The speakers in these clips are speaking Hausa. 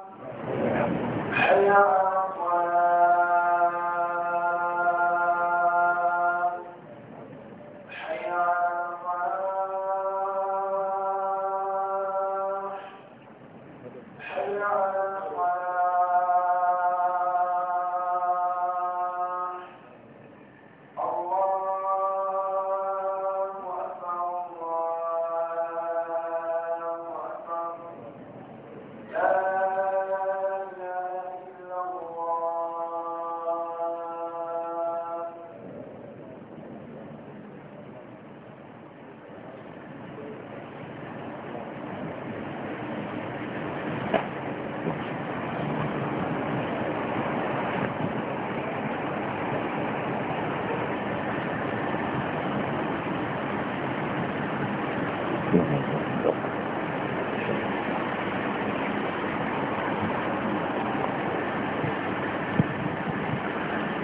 حيا أيوة.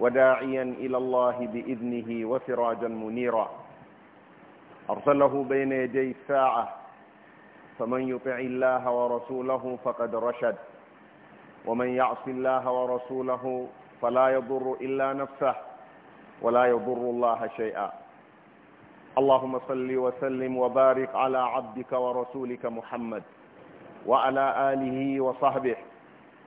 وداعيا إلى الله بإذنه وسراجا منيرا أرسله بين يدي الساعة فمن يطع الله ورسوله فقد رشد ومن يعص الله ورسوله فلا يضر إلا نفسه ولا يضر الله شيئا اللهم صل وسلم وبارك على عبدك ورسولك محمد وعلى آله وصحبه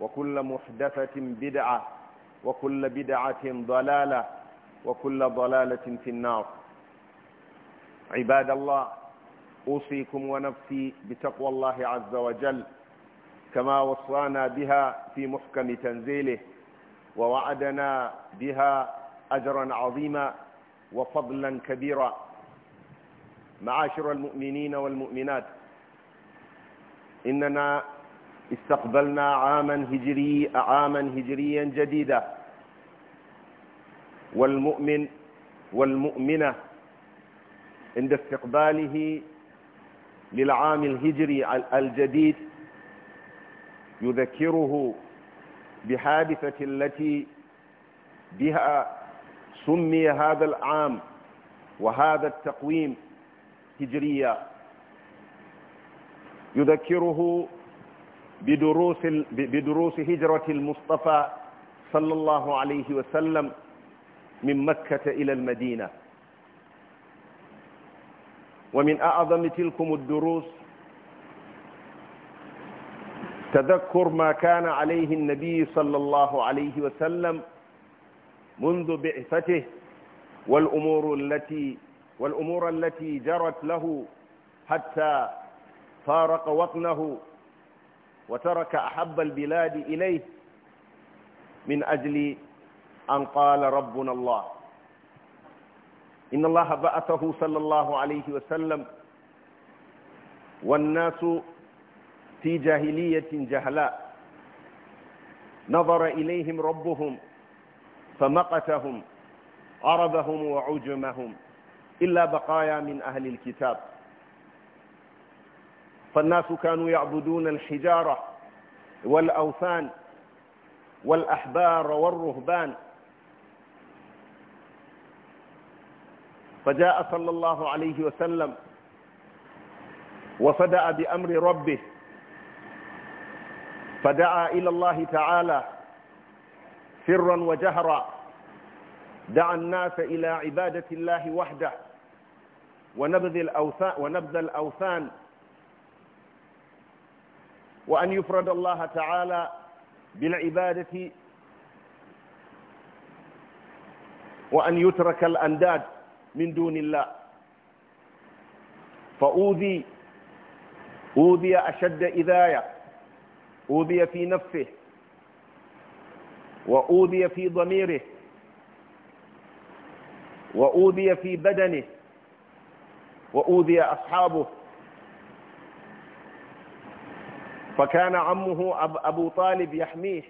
وكل محدثة بدعة وكل بدعة ضلالة وكل ضلالة في النار عباد الله أوصيكم ونفسي بتقوى الله عز وجل كما وصانا بها في محكم تنزيله ووعدنا بها أجرا عظيما وفضلا كبيرا معاشر المؤمنين والمؤمنات إننا استقبلنا عاما هجري عاما هجريا جديدا والمؤمن والمؤمنة عند استقباله للعام الهجري الجديد يذكره بحادثة التي بها سمي هذا العام وهذا التقويم هجريا يذكره بدروس بدروس هجرة المصطفى صلى الله عليه وسلم من مكة إلى المدينة ومن أعظم تلكم الدروس تذكر ما كان عليه النبي صلى الله عليه وسلم منذ بعثته والأمور التي والأمور التي جرت له حتى فارق وطنه وترك أحب البلاد إليه من أجل أن قال ربنا الله إن الله بعثه صلى الله عليه وسلم والناس في جاهلية جهلاء نظر إليهم ربهم فمقتهم عربهم وعجمهم إلا بقايا من أهل الكتاب فالناس كانوا يعبدون الحجارة والأوثان والأحبار والرهبان فجاء صلى الله عليه وسلم وفدأ بأمر ربه فدعا إلى الله تعالى سرا وجهرا دعا الناس إلى عبادة الله وحده ونبذ الأوثان, ونبذ الأوثان وأن يفرد الله تعالى بالعبادة وأن يترك الأنداد من دون الله فأوذي أوذي أشد إذاية أوذي في نفسه وأوذي في ضميره وأوذي في بدنه وأوذي أصحابه فكان عمه أبو طالب يحميه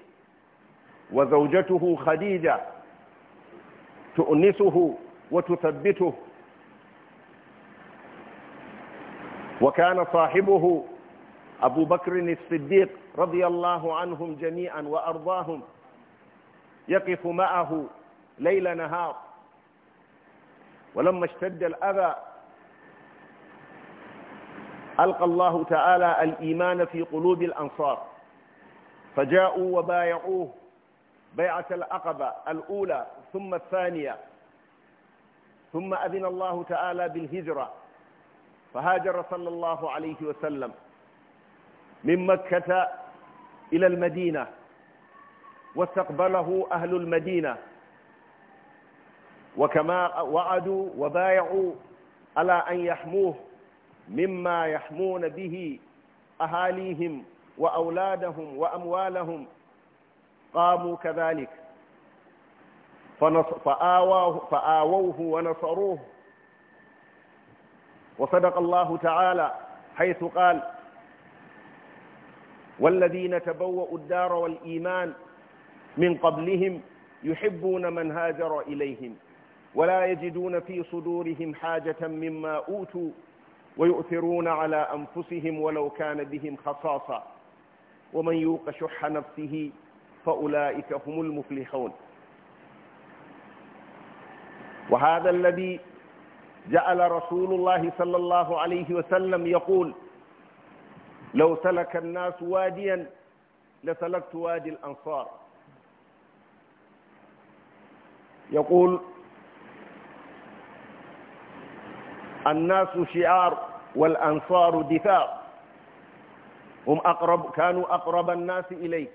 وزوجته خديجة تؤنسه وتثبته وكان صاحبه أبو بكر الصديق رضي الله عنهم جميعا وأرضاهم يقف معه ليل نهار ولما اشتد الأذى ألقى الله تعالى الإيمان في قلوب الأنصار فجاءوا وبايعوه بيعة العقبة الأولى ثم الثانية ثم أذن الله تعالى بالهجرة فهاجر صلى الله عليه وسلم من مكة إلى المدينة واستقبله أهل المدينة وكما وعدوا وبايعوا على أن يحموه مما يحمون به أهاليهم وأولادهم وأموالهم قاموا كذلك فآواه فآووه ونصروه وصدق الله تعالى حيث قال والذين تبوأوا الدار والإيمان من قبلهم يحبون من هاجر إليهم ولا يجدون في صدورهم حاجة مما أوتوا ويؤثرون على أنفسهم ولو كان بهم خصاصة ومن يوق شح نفسه فأولئك هم المفلحون وهذا الذي جعل رسول الله صلى الله عليه وسلم يقول لو سلك الناس واديا لسلكت وادي الأنصار يقول الناس شعار والأنصار دفاع هم أقرب كانوا أقرب الناس إليه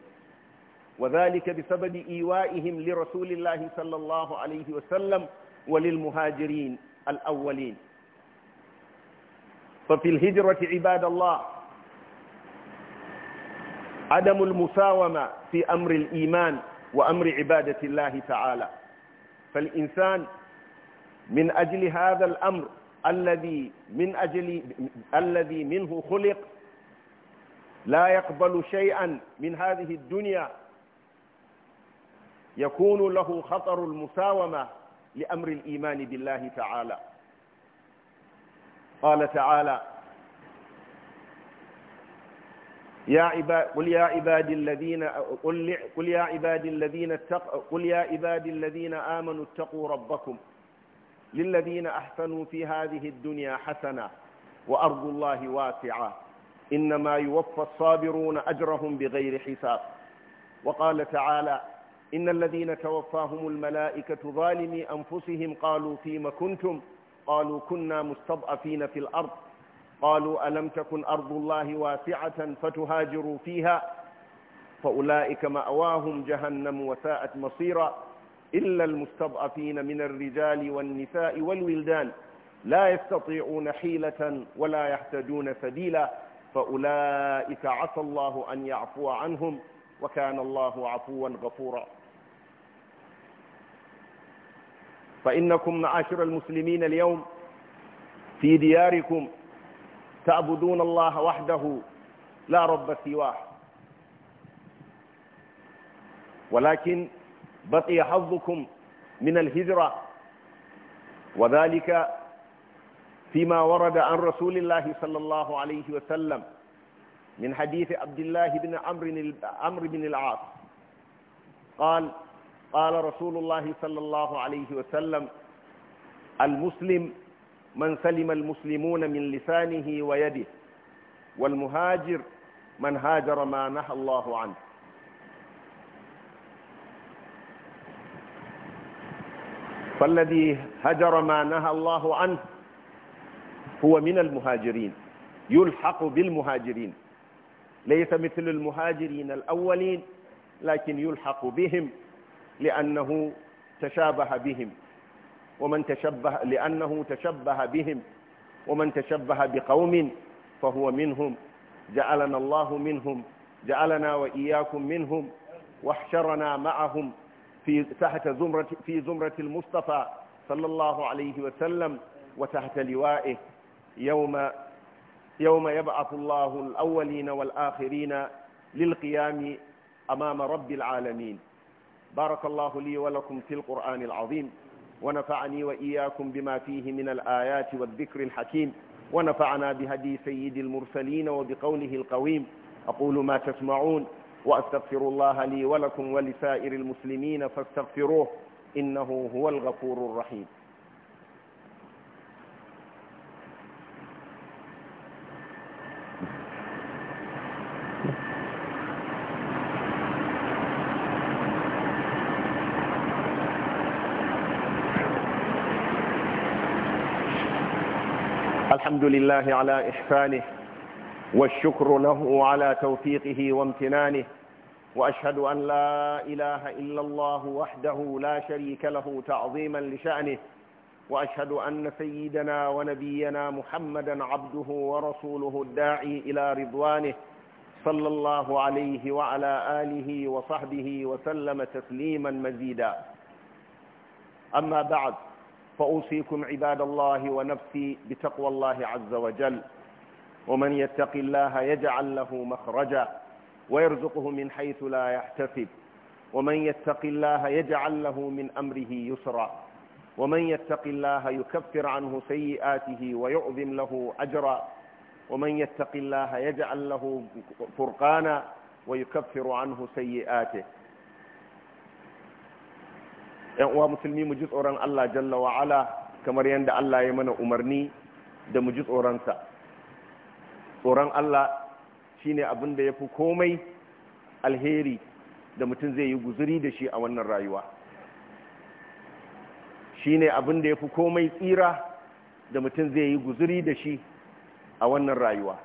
وذلك بسبب إيوائهم لرسول الله صلى الله عليه وسلم وللمهاجرين الأولين ففي الهجرة عباد الله عدم المساومة في أمر الإيمان وأمر عبادة الله تعالى فالإنسان من أجل هذا الأمر الذي من أجل الذي منه خلق لا يقبل شيئا من هذه الدنيا يكون له خطر المساومة لأمر الإيمان بالله تعالى قال تعالى يا عباد قل يا عبادي الذين قل يا عبادي الذين اتقوا قل يا عبادي الذين آمنوا اتقوا ربكم للذين أحسنوا في هذه الدنيا حسنة وأرض الله واسعة إنما يوفى الصابرون أجرهم بغير حساب وقال تعالى إن الذين توفاهم الملائكة ظالمي أنفسهم قالوا فيم كنتم قالوا كنا مستضعفين في الأرض قالوا ألم تكن أرض الله واسعة فتهاجروا فيها فأولئك مأواهم جهنم وساءت مصيرا إلا المستضعفين من الرجال والنساء والولدان لا يستطيعون حيلة ولا يحتاجون سبيلا فأولئك عسى الله أن يعفو عنهم وكان الله عفوا غفورا فإنكم معاشر المسلمين اليوم في دياركم تعبدون الله وحده لا رب سواه ولكن بقي حظكم من الهجرة وذلك فيما ورد عن رسول الله صلى الله عليه وسلم من حديث عبد الله بن عمرو بن العاص قال قال رسول الله صلى الله عليه وسلم المسلم من سلم المسلمون من لسانه ويده والمهاجر من هاجر ما نهى الله عنه فالذي هجر ما نهى الله عنه هو من المهاجرين يلحق بالمهاجرين ليس مثل المهاجرين الأولين لكن يلحق بهم لأنه تشابه بهم ومن تشبه لأنه تشبه بهم ومن تشبه بقوم فهو منهم جعلنا الله منهم جعلنا وإياكم منهم واحشرنا معهم في تحت زمرة في زمرة المصطفى صلى الله عليه وسلم وتحت لوائه يوم يوم يبعث الله الأولين والآخرين للقيام أمام رب العالمين بارك الله لي ولكم في القرآن العظيم ونفعني وإياكم بما فيه من الآيات والذكر الحكيم ونفعنا بهدي سيد المرسلين وبقوله القويم أقول ما تسمعون وأستغفر الله لي ولكم ولسائر المسلمين فاستغفروه إنه هو الغفور الرحيم الحمد لله على إحسانه والشكر له على توفيقه وامتنانه وأشهد أن لا إله إلا الله وحده لا شريك له تعظيما لشأنه وأشهد أن سيدنا ونبينا محمدا عبده ورسوله الداعي إلى رضوانه صلى الله عليه وعلى آله وصحبه وسلم تسليما مزيدا أما بعد فأوصيكم عباد الله ونفسي بتقوى الله عز وجل ومن يتق الله يجعل له مخرجا ويرزقه من حيث لا يحتسب ومن يتق الله يجعل له من أمره يسرا ومن يتق الله يكفر عنه سيئاته ويعظم له أجرا ومن يتق الله يجعل له فرقانا ويكفر عنه سيئاته wa musulmi mu ji tsoron Allah jalla wa ala kamar yadda Allah ya mana umarni da mu ji tsoronsa tsoron Allah shi ne abin da ya fi komai alheri da mutum zai yi guzuri da shi a wannan rayuwa Shi ne abin da ya fi komai tsira da mutum zai yi guzuri da shi a wannan rayuwa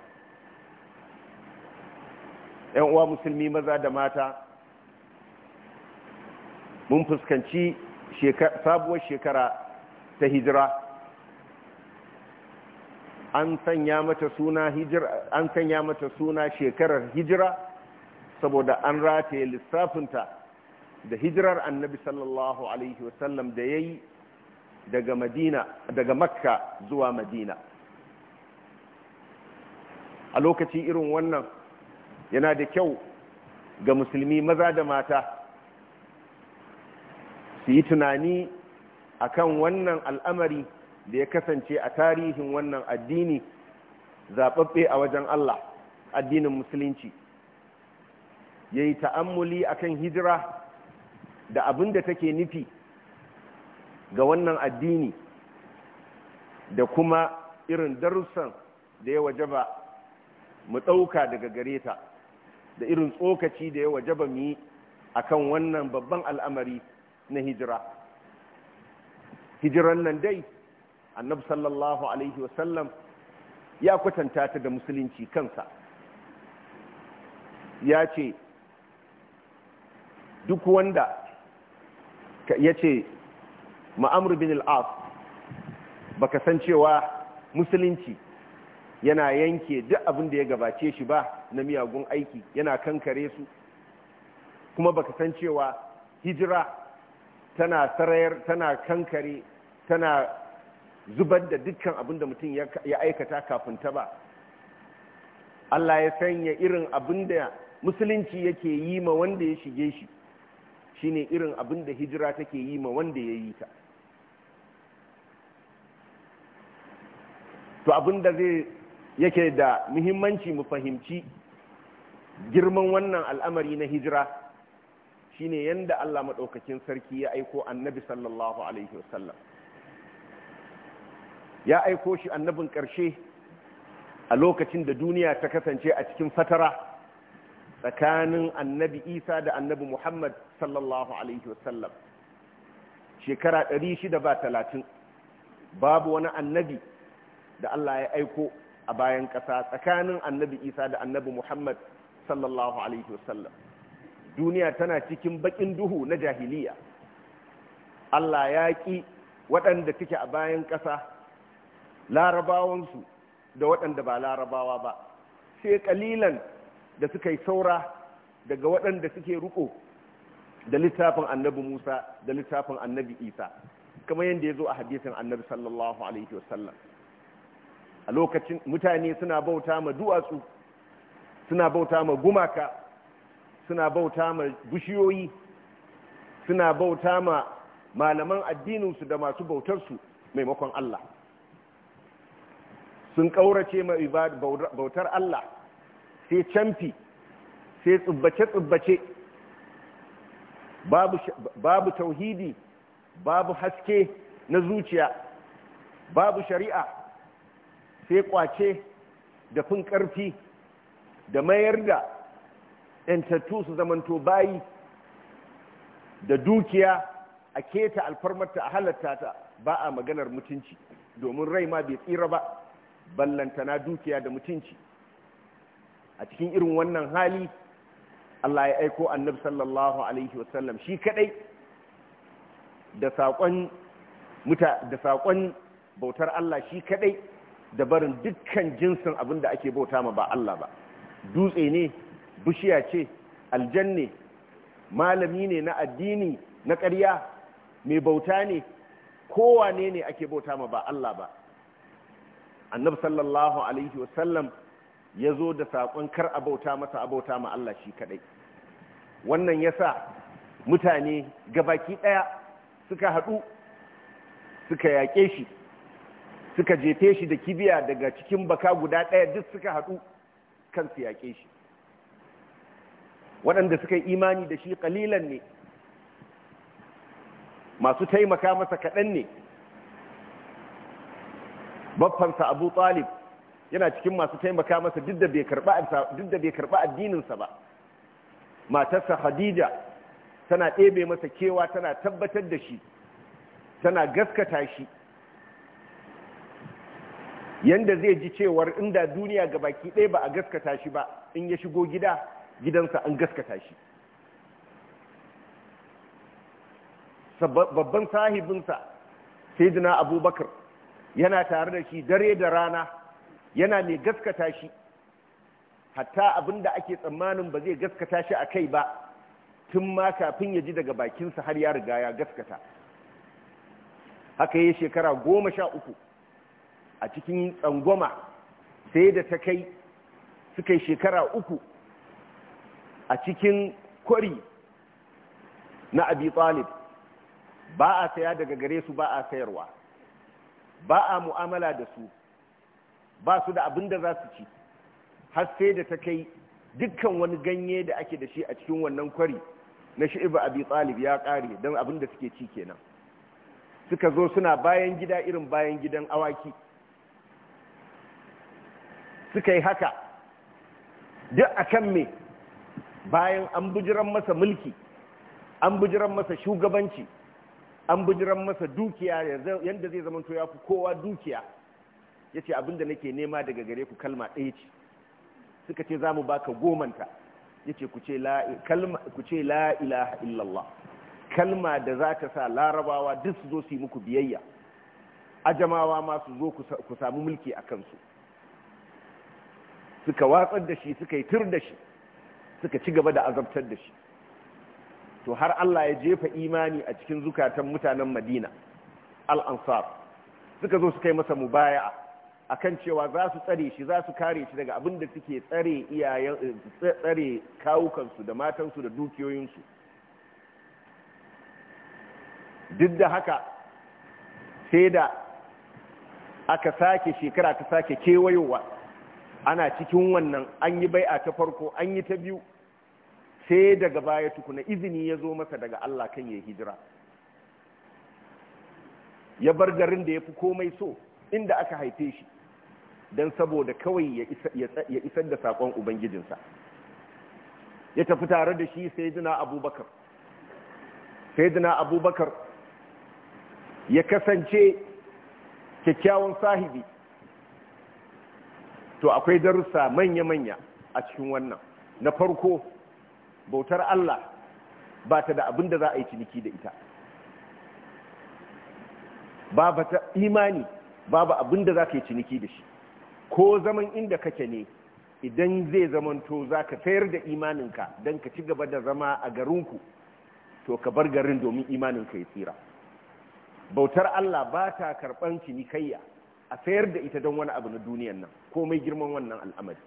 ‘yan uwa musulmi maza da mata mun fuskanci sabuwar shekara ta hijira an sanya mata suna shekarar hijira saboda an rataye lissafinta da hijirar annabi sallallahu alaihi wasallam da ya yi daga makka zuwa madina a lokaci irin wannan yana da kyau ga musulmi maza da mata su yi tunani akan wannan al'amari da ya kasance a tarihin wannan addini zaɓaɓɓe a wajen Allah addinin musulunci ya yi ta'ammuli a kan hijira da abin da take nufi ga wannan addini da kuma irin darussan da ya waje ba mu ɗauka daga gare ta da irin tsokaci da ya waje ba mu yi a kan wannan babban al'amari na hijira hijiran nan dai annabi sallallahu alaihi wasallam ya kwatanta ta da musulunci kansa ya ce duk wanda ya ce ma'amur bin al'af ba cewa musulunci yana yanke duk abin da ya gabace shi ba na miyagun aiki yana kankare su kuma baka san cewa hijira tana sarayar tana kankare tana zubar da dukkan abin da mutum ya aikata kafin ta ba Allah ya sanya irin abin da musulunci yake yi ma wanda ya shige shi shine irin abin da hijira take yi ma wanda ya yi ta to abin da zai yake da muhimmanci mu fahimci girman wannan al'amari na hijira shine yanda Allah maɗaukakin sarki ya aiko annabi sallallahu alaihi wasallam ya aiko shi annabin ƙarshe a lokacin da duniya ta kasance a cikin fatara tsakanin annabi isa da annabi muhammad sallallahu alaihi wasallam shekara 630 babu wani annabi da allah ya aiko a bayan ƙasa tsakanin annabi isa da annabi muhammad sallallahu alaihi wasallam duniya tana cikin bakin duhu na jahiliya allah ya ƙi waɗanda take a bayan ƙasa larabawansu da waɗanda ba larabawa ba sai kalilan da suka yi saura daga waɗanda suke ruko da littafin annabi musa da littafin annabi isa kamar yadda ya zo a hadisin annabi sallallahu alaihi wasallam a lokacin mutane suna bauta ma duwatsu suna bauta ma gumaka suna bauta ma bishiyoyi suna bauta ma malaman addininsu da masu bautarsu maimakon allah sun kaurace ma bautar Allah sai canfi sai tsubbace-tsubbace babu tauhidi babu haske na zuciya babu shari'a sai kwace da fin ƙarfi da mayar da ‘yantattu su zamanto bayi da dukiya a keta alfarmarta a halatta ta ba a maganar mutunci domin rai ma bai tsira ba ballantana dukiya da mutunci a cikin irin wannan hali Allah ya aiko annabi sallallahu alaihi wasallam shi kadai da sakon bautar Allah shi kadai da barin dukkan jinsin abin da ake bauta ma ba Allah ba dutse ne bishiya ce aljanne malami ne na addini na ƙarya mai bauta ne kowane ne ake bauta ma ba Allah ba annabi sallallahu alaihi wasallam ya zo da saƙon kar abauta masa abauta ma Allah shi kaɗai wannan ya sa mutane gabaki ɗaya suka haɗu suka yaƙe shi suka jefe shi da kibiya daga cikin baka guda ɗaya duk suka haɗu kansu yaƙe shi waɗanda suka yi imani da shi ƙalilan ne masu taimaka masa kaɗan ne baffansa abu talib yana cikin masu taimaka masa duk da bai karba addininsa ba matarsa hadija tana ɗebe masa kewa tana tabbatar da shi tana gaskata shi yanda zai ji cewar inda duniya ga baki ɗaya ba a gaskata shi ba in ya shigo gida gidansa an gaskata shi babban sahibinsa sai abubakar yana tare da shi dare da rana yana mai gaskata shi hatta abin da ake tsammanin ba zai gaskata shi a kai ba tun ma kafin ya ji daga bakinsa har ya riga ya gaskata haka ya shekara goma sha uku a cikin tsangwama sai da ta kai suka yi shekara uku a cikin kwari na abi talib ba a saya daga gare su ba a sayarwa ba a mu'amala da su ba su da abin da za su ci har sai da ta kai dukkan wani ganye da ake da shi a cikin wannan kwari na shi'ibu abi talib ya ƙare don abin da suke ci kenan suka zo suna bayan gida irin bayan gidan awaki suka yi haka duk a kan me bayan an bujiran masa mulki an bujiran masa shugabanci an bujiran masa dukiya yadda zai zama to ya fi kowa dukiya ya ce abinda nake nema daga gare ku kalma ɗaya ce suka ce za mu baka gomanta ya ce ku ce la ilaha illallah kalma da za ka sa larabawa duk su zo su yi muku biyayya ajamawa ma su zo ku samu mulki a kansu suka watsar da shi suka yi tur da shi suka ci gaba da azabtar da shi to har Allah ya jefa imani a cikin zukatan mutanen Madina al-Ansar suka zo su kai masa mubaya'a akan cewa za su tsare shi za su kare shi daga abin da suke tsare iyayen tsare kawukansu da matansu da dukiyoyinsu duk da haka sai da aka sake shekara ta sake kewayowa ana cikin wannan an yi bai'a ta farko an yi ta biyu sai daga baya tukuna izini ya zo masa daga Allah kan ya hijira ya bar garin da ya fi komai so inda aka haife shi don saboda kawai ya isar da saƙon ubangijinsa ya tafi tare da shi sai sayyidina abubakar sai sayyidina abubakar ya kasance kyakkyawan sahibi to akwai darussa manya-manya a cikin wannan na farko bautar Allah ba ta da abin da za a yi ciniki da ita ba ta imani babu abin da za ka yi ciniki da shi ko zaman inda kake ne idan zai zamanto za ka sayar da imaninka don ka ci gaba da zama a garinku to ka bar garin domin imaninka ya tsira bautar Allah ba ta karɓar cinikayya a sayar da ita don wani abu na duniyan nan komai girman wannan al'amari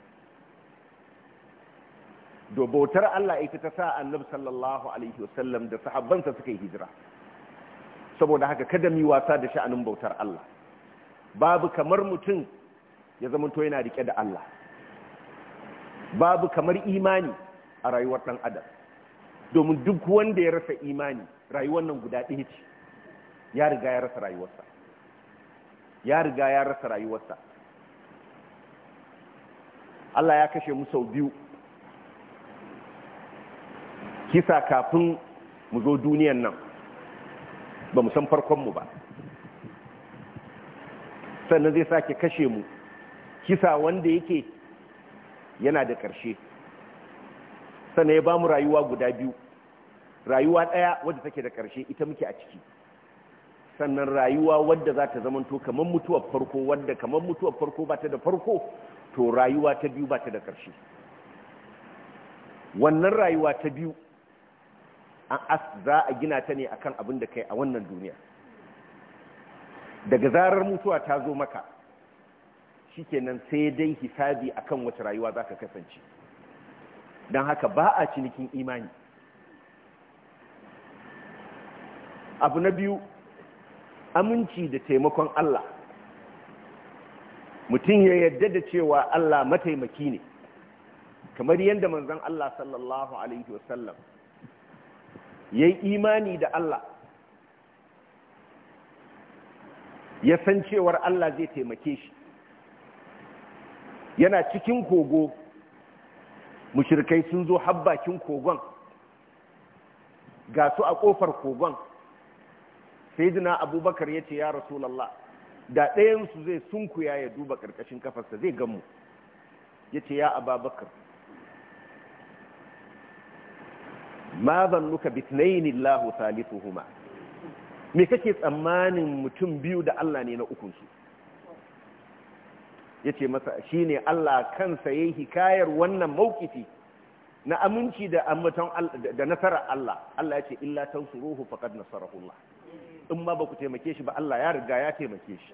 do bautar Allah ita ta sa annabi sallallahu alaihi wasallam da sahabbansa suka yi hijira saboda haka kada mu wasa da sha'anin bautar Allah babu kamar mutum ya zama to yana rike da Allah babu kamar imani a rayuwar dan adam domin duk wanda ya rasa imani rayuwar nan guda ɗaya ce ya riga ya rasa rayuwarsa ya riga ya rasa rayuwarsa Allah ya kashe mu sau biyu kisa kafin mu zo duniyan nan ba mu san mu ba sannan zai sake kashe mu kisa wanda yake yana da ƙarshe sannan ya ba mu rayuwa guda biyu rayuwa ɗaya wadda take da ƙarshe ita muke a ciki sannan rayuwa wadda za ta zamanto kamar mutuwar farko wadda kamar mutuwar farko ba ta da farko to rayuwa ta biyu ba ta da ƙarshe wannan rayuwa ta biyu An za a gina ta ne akan abin da kai a wannan duniya daga zarar mutuwa ta zo maka shikenan sai dai hisabi akan wace rayuwa za ka kasance don haka ba a cinikin imani abu na biyu aminci da taimakon Allah mutum ya yarda da cewa Allah mataimaki ne kamar yadda manzon Allah sallallahu alaihi wasallam ya yi imani da Allah ya san cewar Allah zai taimake shi yana cikin kogo mushirkai sun zo habbakin kogon ga su a kofar kogon sai jina abubakar ya ce ya rasulallah da ɗayansu zai sunkuya ya duba ƙarƙashin kafarsa zai gamu ya ce ya ababakar ma zannuka bitnaini Allahu thalithuhuma me kake tsammanin mutum biyu da Allah ne na ukun su yace masa shine Allah kansa yayi hikayar wannan mawkifi na aminci da ambaton da nasarar Allah Allah yace illa tansuruhu faqad nasarahu Allah in ma ba ku taimake shi ba Allah ya riga ya taimake shi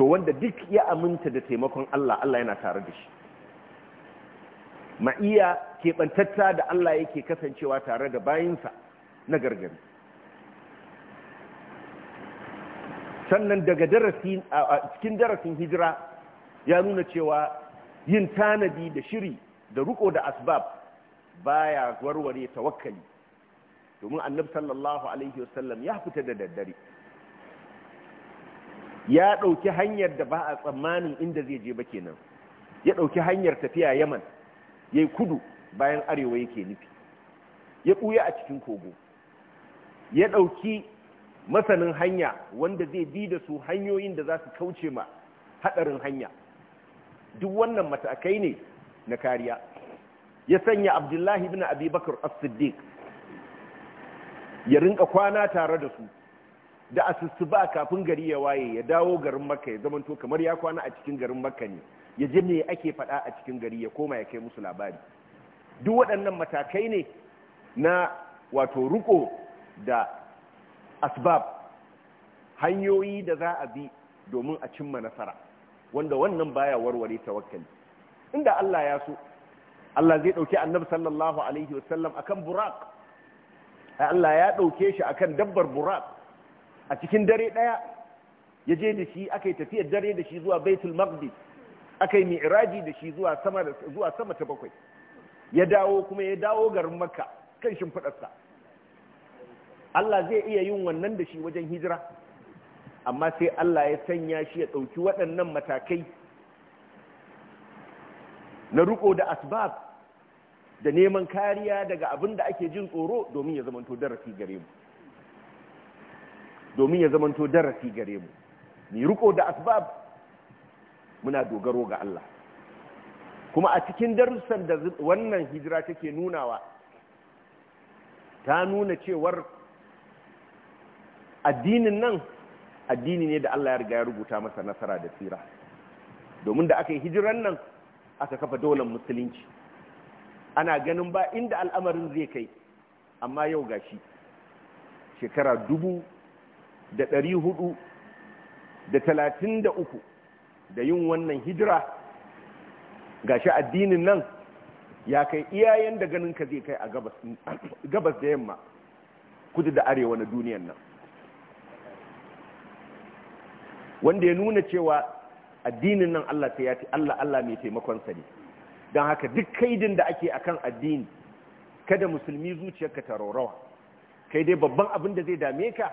to wanda duk ya aminta da taimakon Allah Allah yana tare da shi ma'iya keɓantatta da Allah yake kasancewa tare da bayinsa na gargari sannan daga darasin cikin darasin hijira ya nuna cewa yin tanadi da shiri da ruko da asbab baya warware tawakkali domin annabi sallallahu alaihi wasallam ya fita da daddare ya ɗauki hanyar da ba a tsammanin inda zai je ba kenan ya ɗauki hanyar tafiya yaman ya kudu bayan arewa yake nufi ya ɓuya a cikin kogo ya ɗauki masanin hanya wanda zai bi da su hanyoyin da za su kauce ma haɗarin hanya duk wannan matakai ne na kariya ya sanya abdullahi bin abubakar as-siddiq ya rinka kwana tare da su da asusu ba kafin gari ya waye ya dawo garin makka ya zamanto kamar ya kwana a cikin garin makka ne ya ji me ake faɗa a cikin gari ya koma ya kai musu labari duk waɗannan matakai ne na wato ruko da asbab hanyoyi da za a bi domin a cimma nasara wanda wannan baya warware tawakkali inda Allah ya so Allah zai ɗauki Annabi sallallahu alaihi wasallam akan buraq ai Allah ya dauke shi akan dabbar buraq a cikin dare daya yaje da shi akai tafiyar dare da shi zuwa Baitul Maqdis aka yi mi'iraji da shi zuwa sama ta bakwai ya dawo kuma ya dawo garin makka kan shimfiɗarsa Allah zai iya yin wannan da shi wajen hijira amma sai Allah ya sanya shi ya ɗauki waɗannan matakai na riƙo da asbab da neman kariya daga abin da ake jin tsoro domin ya zamanto darasi gare mu domin ya zamanto darasi gare mu Mi riko da asbab muna dogaro ga Allah kuma a cikin darussan da wannan hijira take nunawa ta nuna cewar addinin nan addini ne da Allah ya riga ya rubuta masa nasara da tsira domin da aka yi hijiran nan aka kafa daular musulunci ana ganin ba inda al'amarin zai kai amma yau gashi shekara dubu da ɗari hudu da talatin da uku da yin wannan hijira gashi addinin nan ya kai iyayen da ganin ka zai kai a gabas da yamma kudu da arewa na duniyan nan wanda ya nuna cewa addinin nan Allah ta yati Allah Allah mai taimakonsa ne don haka duk kaidin da ake akan addini kada musulmi zuciyarka ta rorawa kai dai babban abin da zai dame ka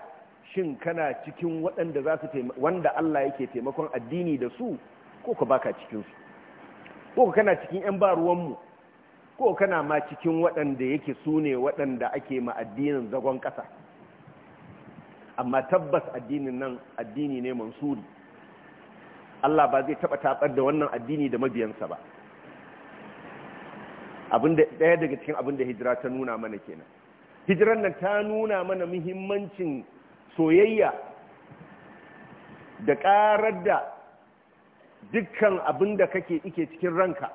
shin kana cikin waɗanda za su wanda Allah yake taimakon addini da su ko ka baka cikin su ko kana cikin yan baruwanmu ko kana ma cikin waɗanda yake su ne waɗanda ake ma addinin zagon ƙasa amma tabbas addinin nan addini ne mansuri Allah ba zai taɓa taɓar da wannan addini da mabiyansa ba ɗaya daga cikin abin da hijira ta nuna mana kenan hijiran nan ta nuna mana muhimmancin soyayya da ƙarar da dukkan abin da kake ike cikin ranka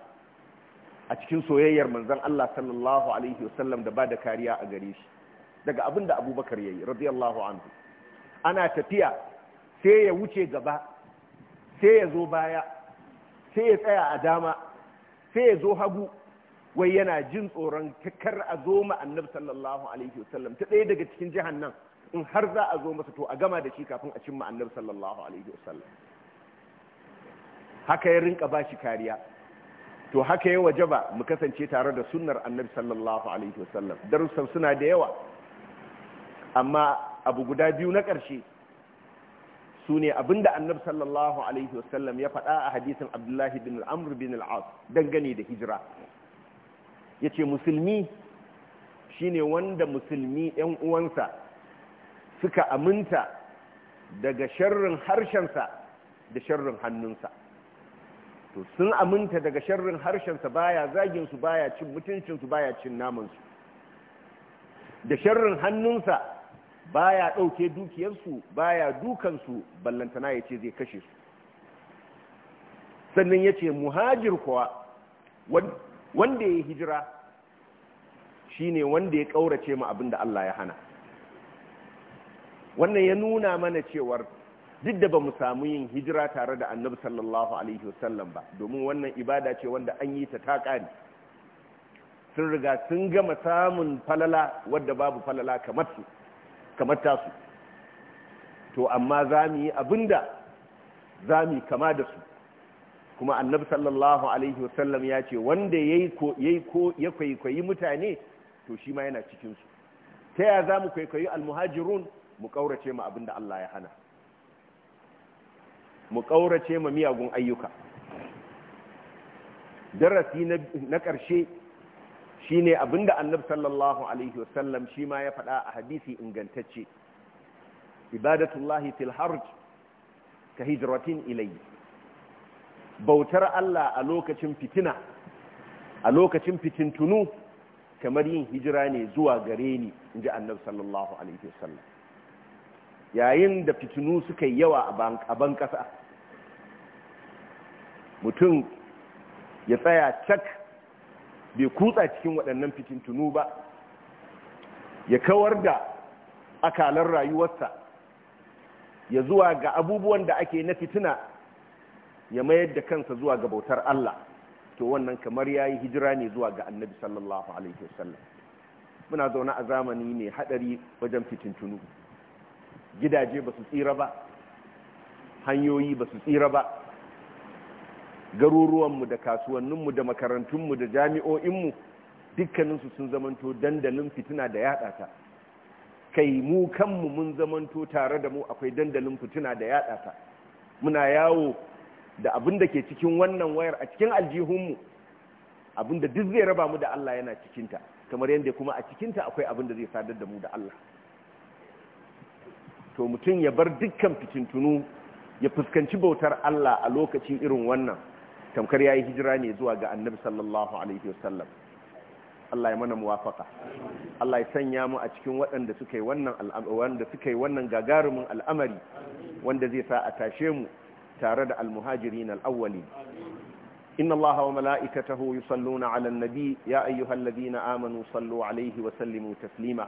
a cikin soyayyar manzan Allah sallallahu Alaihi wasallam da ba da kariya a gare shi daga abin da abubakar ya yi radiyallahu anhu ana tafiya sai ya wuce gaba sai ya zo baya sai ya tsaya a dama sai ya zo hagu wai yana jin tsoron kakar a zo ma annabi sallallahu alaihi wasallam ta ɗaya daga cikin jihar nan in har za a zo masa to a gama da shi kafin a cimma annabi sallallahu alaihi wasallam haka ya rinka ba shi kariya to haka ya wajaba mu kasance tare da sunnar annabi sallallahu alaihi wasallam darussan suna da yawa amma abu guda biyu na ƙarshe su ne abinda annabi sallallahu alaihi wasallam ya faɗa a hadisin abdullahi bin al'amr bin al'as dangane da hijira ya ce musulmi shine wanda musulmi 'yan uwansa suka aminta daga sharrin harshensa da sharrin hannunsa to sun aminta daga sharrin harshensa baya zaginsu baya cin mutuncinsu baya cin namansu da sharrin hannunsa baya ɗauke dukiyarsu baya dukansu ballantana ya ce zai kashe su sannan ya ce muhajir kuwa wanda ya hijira shine wanda ya ƙaurace mu abinda Allah ya hana wannan ya nuna mana cewar duk da ba mu samu yin hijira tare da annabi sallallahu alaihi wasallam ba domin wannan ibada ce wanda an yi ta taƙari sun riga sun gama samun falala wadda babu falala kamar su tasu to amma za mu yi abinda za mu kama da su kuma annabi sallallahu alaihi wasallam ya ce wanda ya kwaikwayi mutane to shi ma yana cikinsu ta ya za mu kwaikwayi almuhajirun mu kaurace ma abinda Allah ya hana mu kaurace ma miyagun ayyuka darasi na ƙarshe shine abinda annabi sallallahu alaihi wasallam shi ma ya faɗa a hadisi ingantacce ibadatullahi fil harj ka hijratin ilayhi bautar Allah a lokacin fitina a lokacin fitintunu kamar yin hijira ne zuwa gare ni inji annabi sallallahu alaihi wasallam yayin da fitinu suka yi yawa a ban ƙasa mutum ya tsaya cak bai kutsa cikin waɗannan fitintunu ba ya kawar da akalar rayuwarsa ya zuwa ga abubuwan da ake na fitina ya mayar da kansa zuwa ga bautar Allah to wannan kamar ya yi hijira ne zuwa ga annabi sallallahu alaihi wasallam muna zaune a zamani mai haɗari wajen fitintunu gidaje ba su tsira ba hanyoyi ba su tsira ba garuruwanmu da kasuwanninmu da makarantunmu da jami'o'inmu dukkaninsu sun zamanto dandalin fitina da yada ta kai mu kanmu mun zamanto tare da mu akwai dandalin fitina da yada ta muna yawo da abin da ke cikin wannan wayar a cikin aljihunmu abin da duk zai raba mu da Allah yana cikinta kamar yadda kuma a cikinta akwai abin da zai sadar da mu da Allah to mutum ya bar dukkan fitintunu ya fuskanci bautar Allah a lokacin irin wannan tamkar yayi hijira ne zuwa ga annabi sallallahu alaihi wasallam Allah ya mana muwafaka Allah ya sanya mu a cikin waɗanda suka yi wannan wanda suka yi wannan gagarumin al'amari wanda zai sa a tashe mu tare da almuhajirin al'awwali إن الله وملائكته يصلون على النبي يا أيها الذين آمنوا صلوا عليه وسلموا تسليما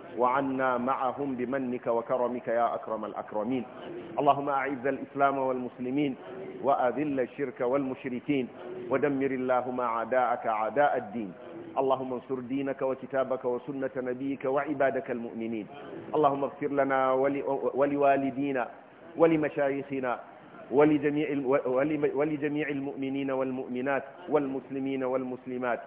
وعنا معهم بمنك وكرمك يا أكرم الأكرمين اللهم أعز الإسلام والمسلمين وأذل الشرك والمشركين ودمر اللهم عداءك عداء الدين اللهم انصر دينك وكتابك وسنة نبيك وعبادك المؤمنين اللهم اغفر لنا ولوالدينا ولمشايخنا ولجميع, ولجميع المؤمنين والمؤمنات والمسلمين والمسلمات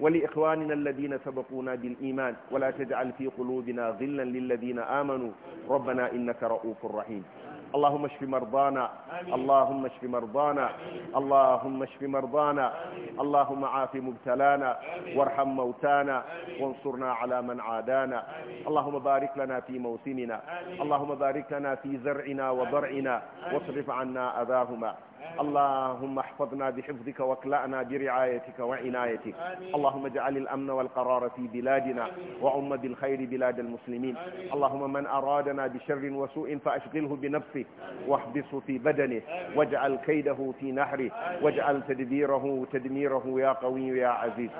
ولإخواننا الذين سبقونا بالإيمان ولا تجعل في قلوبنا ظلا للذين آمنوا ربنا إنك رؤوف رحيم اللهم اشف مرضانا اللهم اشف مرضانا اللهم اشف مرضانا اللهم عاف مبتلانا وارحم موتانا وانصرنا على من عادانا اللهم بارك لنا في موسمنا اللهم بارك لنا في زرعنا وضرعنا واصرف عنا أذاهما اللهم احفظنا بحفظك واكلأنا برعايتك وعنايتك اللهم اجعل الأمن والقرار في بلادنا وعم بالخير بلاد المسلمين اللهم من أرادنا بشر وسوء فأشغله بنفسه واحبسه في بدنه واجعل كيده في نحره واجعل تدبيره تدميره يا قوي يا عزيز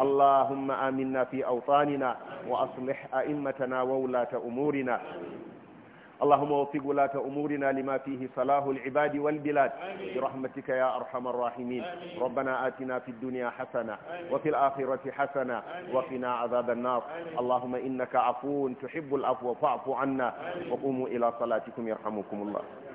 اللهم آمنا في أوطاننا وأصلح أئمتنا وولاة أمورنا اللهم وفق ولاة أمورنا لما فيه صلاح العباد والبلاد برحمتك يا أرحم الراحمين ربنا آتنا في الدنيا حسنة وفي الآخرة حسنة وقنا عذاب النار اللهم إنك عفو تحب العفو فاعف عنا وقوموا إلى صلاتكم يرحمكم الله